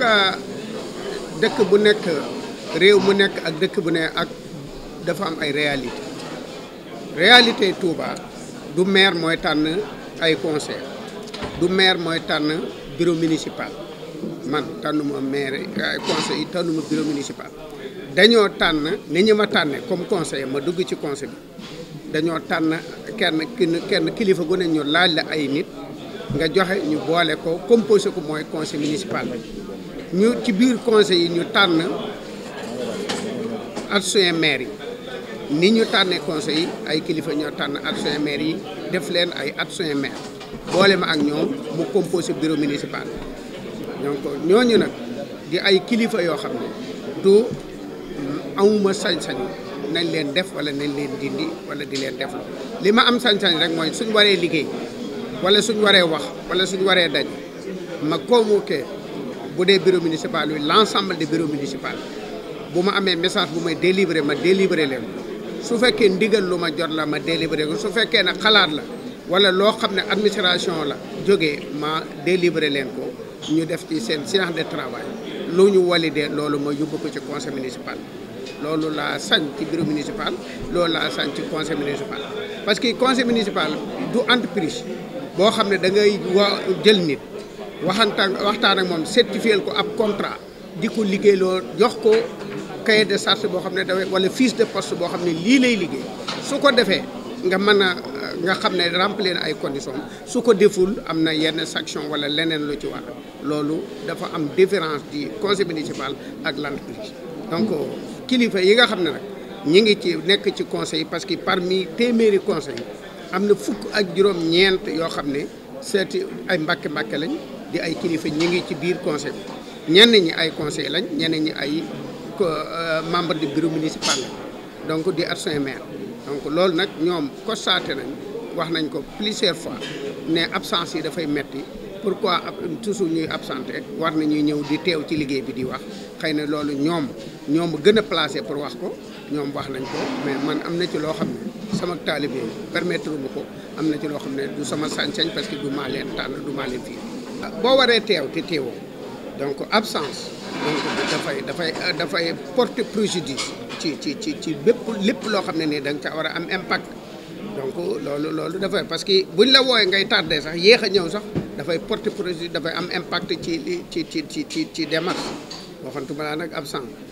nga dëkk bu nekk réew mu nekk ak dëkk bu ne ak dafa am ay réalité réalité Touba du meer mooy tànn ay conseil du maire mooy tànn bureau municipal man tànnuma maire ay conseil yi tànnuma bureau municipal dañoo tànn ni ñu ma tànne comme conseil ma dugg ci conseil bi dañoo tànn kenn ki kenn kilifa gu ne ñu laaj la ay nit nga joxe ñu boole ko composé ko mooy conseil municipal bi ñu ci biir conseil yi ñu tànn adjoint maire yi ni ñu tànnee conseil yi ay kilifa ñoo tànn adjoint maire yi def leen ay adjoint maire boole ma ak ñoom mu composé bureau municipal ñooñu nag di ay kilifa yoo xam ne du amuma sañ-sañu nañ leen def walla nañ leen dindi wala di leen def li ma am sañ-sañ rek mooy suñ waree liggéey wala suñ waree wax wala suñ waree daj ma convoqué bu dee bureau municipal bi l' ensemble des bureaux municipal bu ma amee message bu may délivrer ma délivrer leen su fekkee ndigal lu ma jot la ma délivrer ko su fekkee ne xalaat la wala loo xam ne administration la jóge ma délivrer leen ko ñu def ci seen séance de travail lu ñu de loolu ma yóbbu ko ci conseil municipal loolu laa sañ ci bureau municipal loolu laa sañ ci conseil municipal parce que conseil municipal du entreprise boo xam ne da ngay wa jël nit waxantaan waxtaan ak moom certifié ko ab contrat di ko liggéey liggéeyloo jox ko cahier de charge boo xam ne dafay wala fiche de poste boo xam ne lii lay liggéey su ko defee nga mën a nga xam ne remplir na ay conditions su ko deful am na yenn sanction wala leneen lu ci war loolu dafa am différence di conseil municipal ak l'entreprise donc kilifa yi nga xam ne nag ñi ngi ci nekk ci conseil parce que parmi téeméeri conseil am na fukk ak juróom-ñeent yoo xam ne seeti ay mbàkke mbàkke lañ di ay kilifa ñi ngi ci biir conseil bi ñenn ñi ay conseil lañ ñenn ñi ay euh, membre di bureau municipal la donc di adjoint maire donc loolu nag ñoom constaté nañ wax nañ ko plusieurs fois ne absence yi dafay metti pourquoi toujours ñuy absenté war nañuy ñëw di teew ci liggéey bi di wax xëy na loolu ñoom ñoom gën a placé pour wax ko ñoom wax nañ ko mais man am na ci loo xam ne sama taalibe permettre mu ko am na ci loo xam ne du sama sañ-sañ parce que du maa leen tànn du maa leen fii boo waree teew te teewoo donc absence donc dafay dafay dafay porter préjudice ci ci ci ci bépp lépp loo xam ne nii da nga ca war a am impact donc loolu loolu dafay parce que buñ la wooyee ngay tardé sax yéex a ñëw sax dafay porter préjudice dafay am impact ci ci ci ci ci démarche waxantuma laa nag absence